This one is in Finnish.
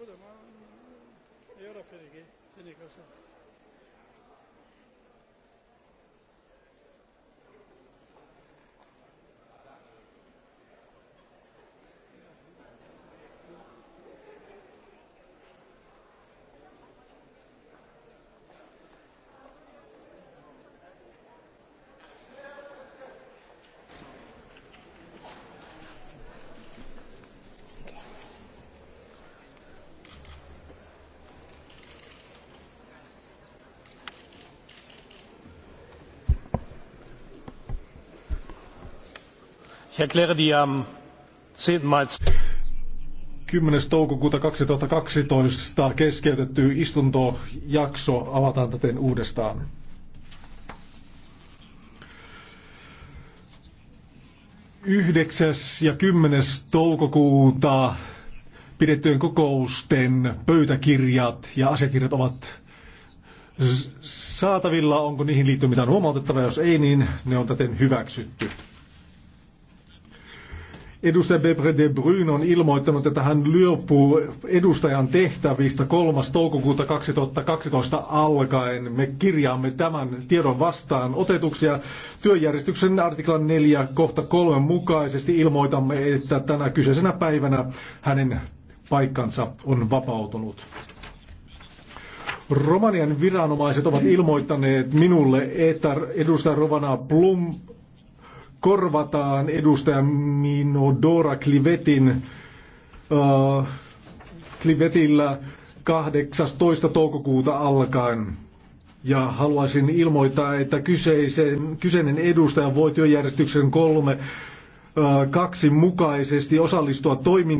kocaman yara feniki, fenikası. Ich erkläre die am 10. Mai 10. toukokuuta 2012 keskeytetty istuntojakso avataan täten uudestaan. Yhdeksäs ja 10. toukokuuta pidettyjen kokousten pöytäkirjat ja asiakirjat ovat saatavilla. Onko niihin liittyen mitään huomautettavaa? Jos ei, niin ne on täten hyväksytty. Edustaja Bebre de Bruyn on ilmoittanut, että hän lyöpuu edustajan tehtävistä 3. toukokuuta 2012 alkaen. Me kirjaamme tämän tiedon vastaan otetuksia. Työjärjestyksen artiklan 4 kohta 3 mukaisesti ilmoitamme, että tänä kyseisenä päivänä hänen paikkansa on vapautunut. Romanian viranomaiset ovat ilmoittaneet minulle, että edustaja Rovana Plum korvataan edustaja Minodora Klivetin, äh, Klivetillä 18. toukokuuta alkaen. Ja haluaisin ilmoittaa, että kyseisen, kyseinen edustaja voi työjärjestyksen kolme äh, kaksi mukaisesti osallistua toimintaan.